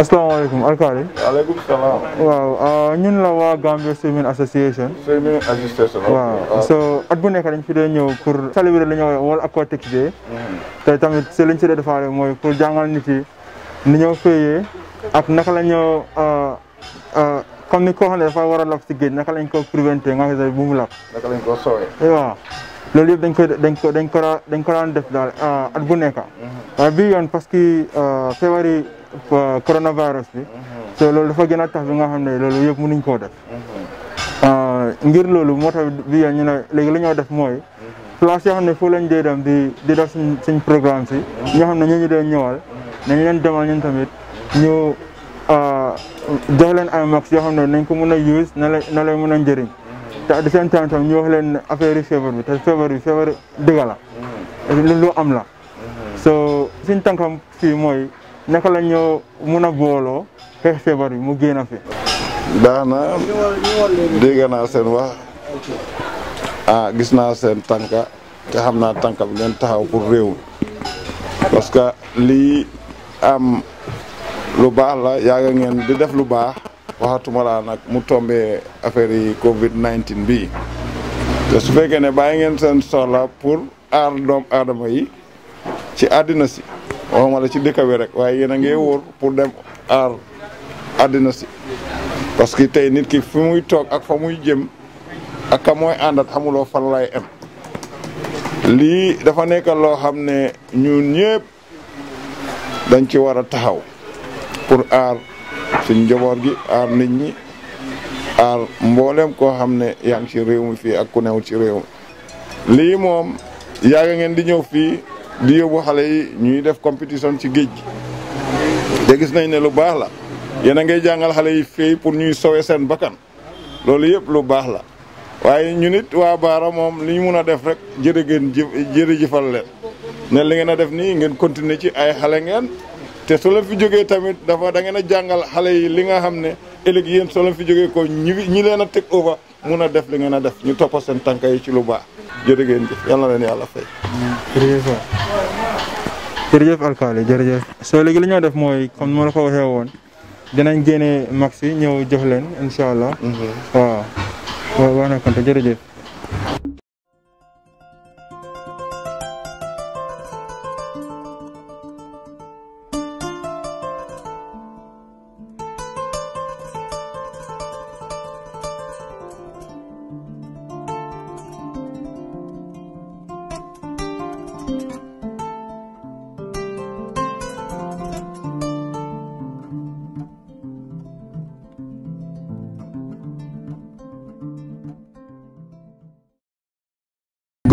asalaamaaleykum alkaali aleykum salaam waaw ah, ñun la waa Gambia Swimming Association Swimming Association waaw so at bu nekk dañ fi dee ñëw pour célébrer la ñoo a Aquatics Day mm-hmm. te tamit si lañ si dee defaale mooy pour jàngal nit yi ni ñoo féeyee ak naka la ñoo ah, ah, comme ni koo xam ne dafa war a lab si géej naka lañ ko préventé nga xam ne bu mu lab dañ ko dañ ko dañ ko dañ ko daan def daal at bu nekk mm-hmm. waaye yoon parce que Euh, coronavirus bi so mhm. loolu dafa gën a tax bi nga xam ne loolu yëpp mënuñ koo def mhm. euh, ngir loolu moo tax bi ñu ne léegi li ñoo def mooy mhm. place yoo xam ne foo lañ dee dem di di def suñ suñ programme si ñoo xam ne ñu ñu doon ñëwal nañ leen demal ñun tamit ñu euh, jox leen ay max yoo xam ne nañ ko mën a use na la na lay mën a njëriñ te at sen same time tam ñu wax leen affaire yi feebar bi te feebar bi feebar dëgg lu am la so suñ tànkam fii mooy naka la ñoo bolo, a bari, mugi bi mu gëna fi. baax na sen naa wax ah gis na sen tanka te xamna tanka bu len taxaw pour rew parce que li am lu baax la nga ngeen di def lu baax waxatuma la nak mu tombé affaire yi Covid 19 bi te su fekkee ne bàyyi ngeen seen soxla pour ar dom adama yi ci adina si waxuma la ci dëkk bi rek waaye yéen a ngi wóor pour dem aar àddina si parce que tey nit ki fi muy toog ak fa muy jëm ak ka mooy àndat xamuloo fan lay em lii dafa nekk loo xam ne ñun ñëpp dañ ci war a taxaw pour aar suñ njaboot gi aar nit ñi aar mboolem koo xam ne yaa ngi ci réew mi fii ak ku newul ci réew mi lii moom yàgg ngeen di ñëw fii di yóbbu xalé yi ñuy def compétition ci geej de gis nañ né lu baax la yéen a ngay jangal xalé yi fey pour ñuy sowé sen bakan loolu yépp lu baax la waye ñu nit wa baara mom li ñu mëna def rek jërë jërëjëfal leen né li ngeen def ni ngeen continuer ci ay xalé ngeen te solo fi joggé tamit dafa da ngeen a jàngal xale yi li nga xamné ne yeen solo fi joggé ko ñi leena tek over mëna def li ngeen a def ñu topo sen tankay ci lu baax jërë jëf yalla leen yalla fay jërëjëf jërëjëf alkaali jërëjëf soo léegi lañu def mooy comme ni ma la ko waxee woon dinañ génne max yi ñëw jox leen incha allah. waaw waaw wax na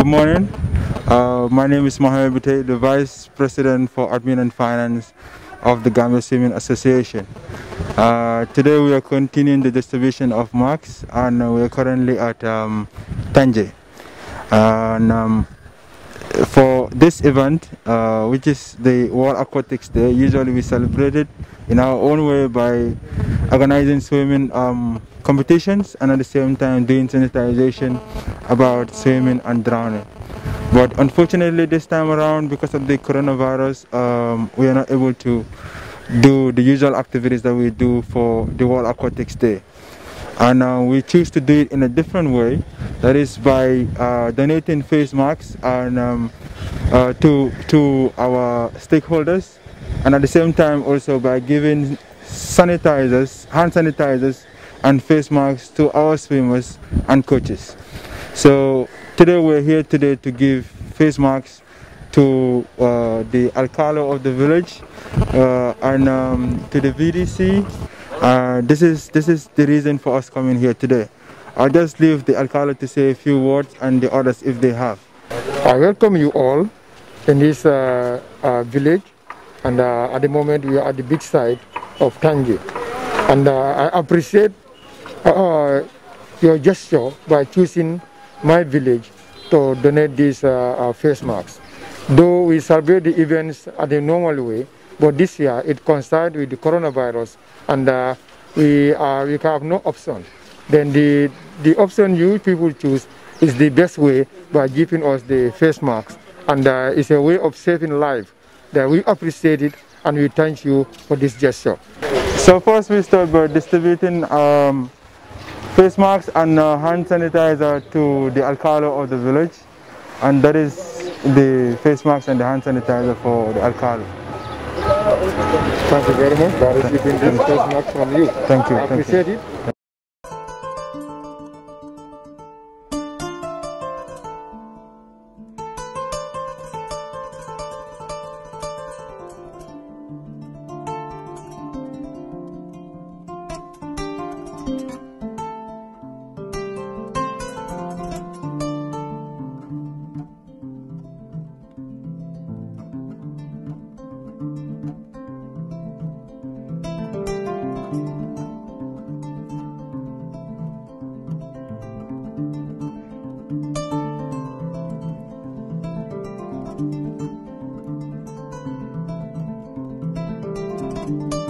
Good morning. Uh, my name is Mohamed Bute, the Vice President for Admin and Finance of the Gambia Swimming Association. Uh, today we are continuing the distribution of marks and we are currently at um, Tanje. And, um, for this event, uh, which is the World Aquatics Day, usually we celebrate it in our own way by organizing swimming um, competitions and at the same time doing sensitization about swimming and drowning. But unfortunately this time around because of the coronavirus um, we are not able to do the usual activities that we do for the World Aquatics Day. And uh, we choose to do it in a different way, that is by uh, donating face masks and um, uh, to, to our stakeholders and at the same time also by giving sanitizers, hand sanitizers and face masks to our swimmers and coaches. So today we're here today to give face masks to uh, the alcalde of the village uh, and um, to the VDC. Uh, this is this is the reason for us coming here today. I'll just leave the alcalde to say a few words and the others if they have. I welcome you all in this uh, uh, village and uh, at the moment we are at the big side of Tangi and I appreciate uh, uh, your gesture by choosing my village to donate these uh, uh face masks. Though we celebrate the events at the normal way, but this year it coincides with the coronavirus and uh, we, uh, we have no option. Then the, the option you people choose is the best way by giving us the face masks. And uh, it's a way of saving life that we appreciate it and we thank you for this gesture. So first we start by distributing um, face masks and uh, hand sanitizer to the alcalo of the village and that is the face masks and the hand sanitizer for the alcalo. Thank you very much for receiving this face mask from you. Thank you. I appreciate you. it. Thank you.